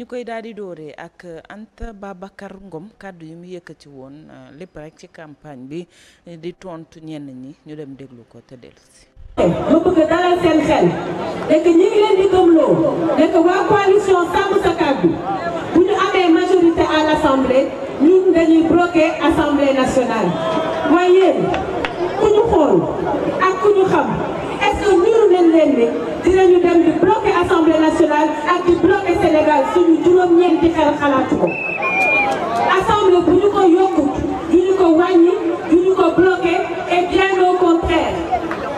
ñu koy daal dooree ak euh, Anta Babacar Ngom kàddu yi mu yëkkati woon euh, lépp rek ci campagne bi euh, di tontu ñenn ñi ñu dem déglu ko te dellu si. ma dalal seen xel nekk ñi leen di gëmloo nekk waa coalition sàmm sa kàddu bu ñu amee majorité à l'assemblée ñun dañuy bloquer assemblée nationale waaye ku ñu xool ak ku ñu xam est-ce que leen leen dinañu dem di bloquer assemblée nationale ak di bloquer Sénégal suñu juróom-ñeenti xel xalaatu ko assemblée bu ñu ko yokku du ñu ko wàññi du ñu ko bloquer et bien au contraire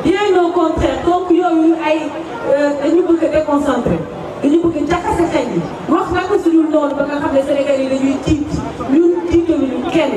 bien au contraire donc yooyu ay euh, dañu bëgg a déconcentrer dañu bëgg a jaxase xel yi wax na suñu noonu ba nga xam ne Sénégal yi dañuy tiit ñun tiitaluñu kenn.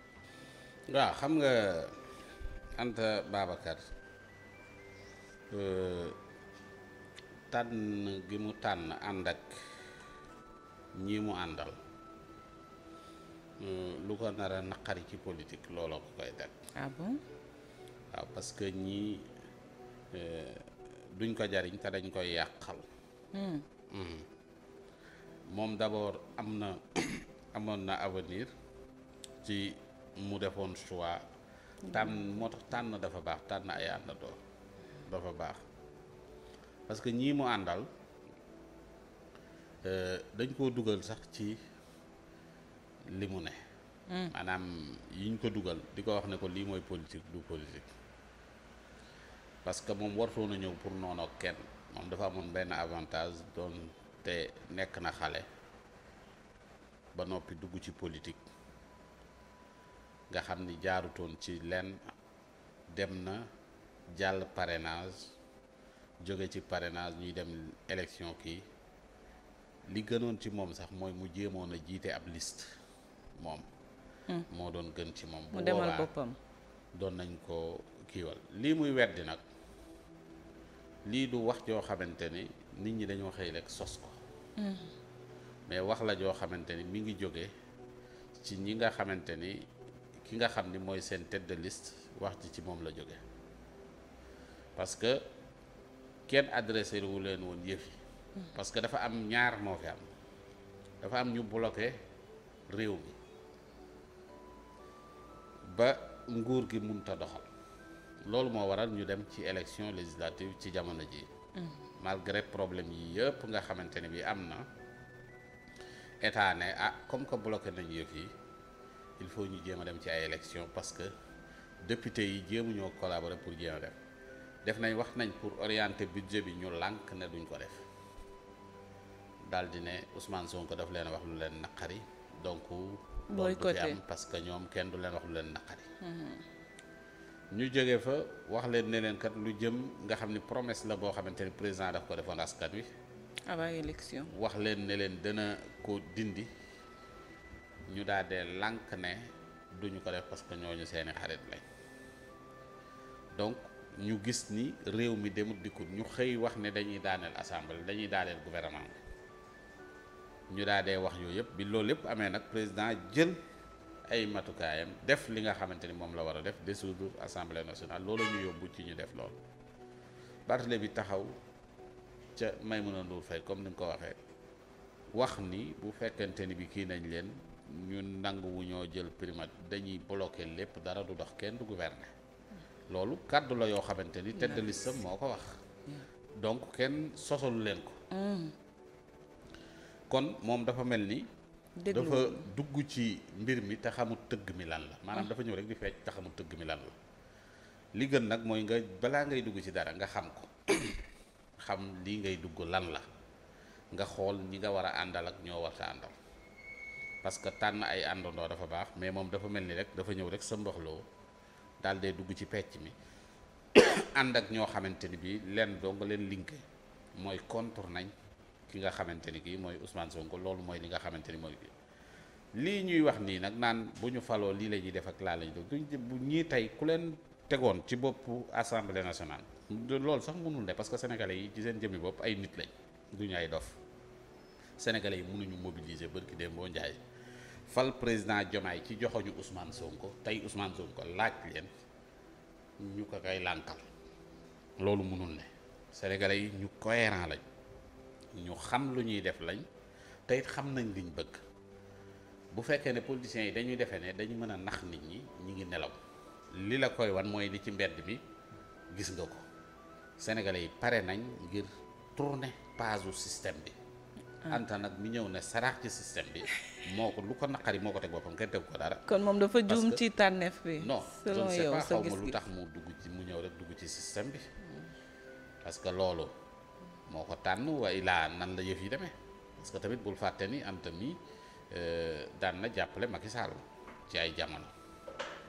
waaw xam nga Anta Babacar euh, tànn gi mu tànn ànd ak ñi mu àndal euh, lu ko nar naqari ci politique looloo ko koy teg. Ah waaw parce que ñii euh, duñ ko jariñ te dañ koy yàqal. Hmm. Hmm. moom d'abord am na amoon na avenir ci. mu defoon choix tànn moo tax tànn dafa baax tànn ay àndandoo dafa baax parce que ñii mu àndal euh, dañ koo dugal sax ci li mu ne hmm. maanaam yiñ ko dugal di ko wax ne ko lii mooy politique du politique parce que moom wartoon a ñëw pour noonu ak kenn moom dafa amoon benn avantage doon te nekk na xale ba noppi dugg ci politique nga xam ni jaarutoon ci lenn dem na jàll parrainage jóge ci parenage ñuy dem élection kii li gënoon ci moom sax mooy mu jéemoon a jiite ab liste moom hmm. moo doon gën ci moom bu demal boppam doon nañ ko kiiwal lii muy weddi nag lii du wax joo xamante ni nit ñi dañoo xëy rek sos ko hmm. mais wax la joo xamante ni mi ngi jóge ci ñi nga xamante ni ki nga xam ni mooy seen tête de liste wax ji ci moom la jóge parce que kenn adressé wu leen woon yëf yi parce que dafa am ñaar moo fi am dafa am ñu bloqué réew mi ba nguur gi munta doxal loolu moo waral ñu dem ci élection législative ci jamono ji mm-hmm. malgré problème yi yëpp nga xamante ne bi am na état ne ah comme que bloqué nañu yëf yi il faut ñu jéem a dem ci ay élection parce que député yi jéemu ñoo collaborer pour jéem a dem def nañ wax nañ pour orienter budget bi ñu lànk ne duñ ko def daal di ne Ousmane Sonko daf leen wax lu leen naqari donc boycotté am parce que ñoom kenn du leen wax lu leen naqari mhm. ñu jóge fa wax leen ne leen lu jëm nga xam ni promesse la boo xamante ni président daf ko defoon askan wi avant élection wax leen ne leen dana ko dindi ñu daal dee lànk ne duñu ko def parce que ñooñu seeni xarit lañ donc ñu gis ni réew mi demut dikkut ñu xëy wax ne dañuy daaneel assemblée dañuy daaneel gouvernement ñu daal dee wax yooyu yëpp bi loolu yépp amee nag président jël ay matukaayam def li nga xamante ni moom la war a def dissoudre assemblée nationale loolu ñu yóbbu ci ñu def lool loolu bi taxaw ca Maïmouna Ndour Faye comme ni nga ko waxee wax ni bu fekkente ni bi kii nañ leen ñun nanguwu ñoo jël primate dañuy bloqué lépp dara du dox kenn du gouverner loolu kàddu la yoo xamante ni tête de moo ko wax donc kenn sosalu leen ko mm. kon moom dafa mel ni dafa dugg ci mbir mi te xamul tëgg mi lan la maanaam ah. dafa ñëw rek di fecc te xamul tëgg mi lan la li gën nag mooy nga balaa ngay dugg ci dara nga xam ko xam lii ngay dugg lan la nga xool ñi nga war a àndal ak ñoo war sa àndal parce que tànn ay àndandoo dafa baax mais moom dafa mel ni rek dafa ñëw rek sa mboxloo daal day dugg ci pecc mi ànd ak ñoo xamante ni bii lenn dong leen linké mooy contour nañ ki nga xamante ni kii mooy Ousmane Sonko loolu mooy li nga xamante ni mooy lii ñuy wax nii nag naan bu ñu faloo lii la ñuy def ak laa la ñuy def bu ñii tey ku leen tegoon ci boppu assemblée nationale. loolu sax mënul ne parce que sénégalais yi ci seen jëmmi bopp ay nit lañ duñu ay dof. sénégalais yi mënuñu mobiliser barki Dembo Ndiaye fal président yi ci joxoñu usmaan Ousmane ko tey Ousmane ko laaj leen ñu ko kay lànkal loolu mënul ne sénégalais yi ñu cohérent lañ ñu xam lu ñuy def lañ tey xam nañ liñ bëgg bu fekkee ne politiciens yi dañuy defee ne dañu mën a nax nit ñi ñi ngi nelaw li la koy wan mooy li ci mbedd bi gis nga ko sénégalais yi pare nañ ngir tourner page u bi Ah. Anta nag mi ñëw ne saraax ci système bi moo ko lu ko naqari moo ko teg boppam kenn teg ko dara. kon moom dafa juum ci tànneef bi. selon yow sa gis-gis non tax mu dugg ci mu ñëw rek dugg ci système bi mm. parce que loolu moo ko tànn waaye laa nan la yëf yi demee parce que tamit bul fàtte ni Anta mi euh, daan na jàppale Macky Sall ci ay jamono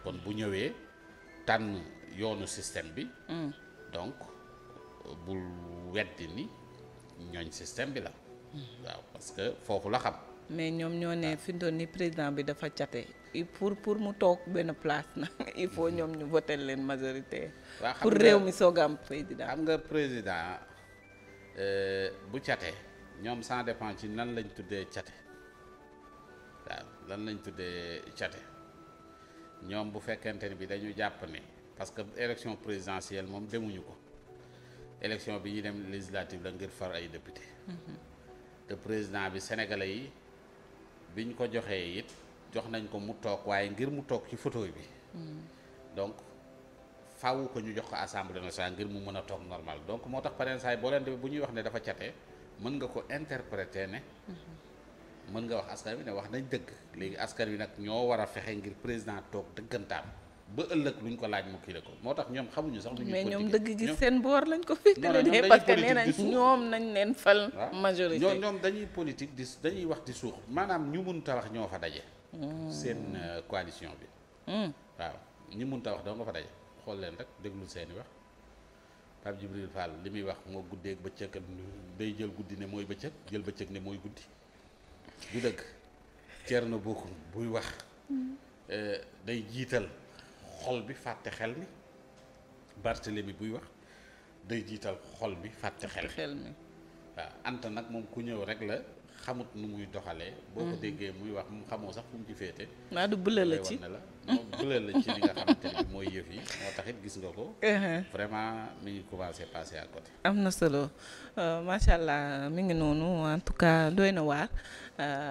kon bu ñëwee tànn yoonu système bi. Mm. donc bul weddi ni ñooñ système bi la. waaw parce que foofu la xam. mais ñoom ñoo ne fi mu toll président bi dafa cate pour pour mu toog benn place na il faut ñoom ñu voté leen majorité. waaw pour réew mi soog am président. xam nga président euh, bu cate ñoom ça dépend ci nan lañ tuddee cate waaw lan lañ tuddee cate ñoom bu fekkente ni bi dañu jàpp ne parce que élection présidentielle moom demuñu ko élection bi ñu dem législative la ngir far ay député. Mhm. président bi sénégalais yi biñ ko joxee it jox nañ ko mu toog waaye ngir mu toog ci photo bi mm. donc faaw ko ñu jox ko assemblée nationale ngir mu mën a toog normal donc moo tax pareen saay boo leen demee bu ñuy wax ne dafa cate mën nga ko interpréter ne mm-hmm. mën nga wax askan bi ne wax nañ dëgg léegi askan bi nag ñoo war a fexe ngir président toog dëggantaan ba ëllëg luñ ko laaj mu kii ko moo tax ñoom xamuñu sax. lu mais ñoom dëgg gi seen boor lañ ko fi. non non parce ñoom nañu leen fal. Ah. majorité ñoom ñoom dañuy politique di dañuy wax di suux maanaam ñu mun ta wax ñoo fa daje. Hmm. seen euh, coalition bi. Hmm. waaw ñu mun ta wax doo nga fa daje xool leen rek déglul seeni wax Pape Djibril Fall li muy wax moo guddeeg bëccëg day jël guddi ne mooy bëccëg jël bëccëg ne mooy guddi du dëgg Thierno Bocoum buy wax hmm. euh, day jiital. xol bi fàtte xel mi Barthélemy buy wax day jiital xol bi fàtte xel mi waaw ant nag moom ku ñëw rek la xamut nu muy doxalee. boo ko mhm. déggee muy wax mu xamoo sax fu mu ci féete. maa du bële la ci la moom ci li nga xamante ne mooy yëf yi moo taxit gis nga ko. Uh-huh. vraiment mi ngi commencé passé à côté. am na solo euh, macha allah mi ngi noonu en doy na waar euh,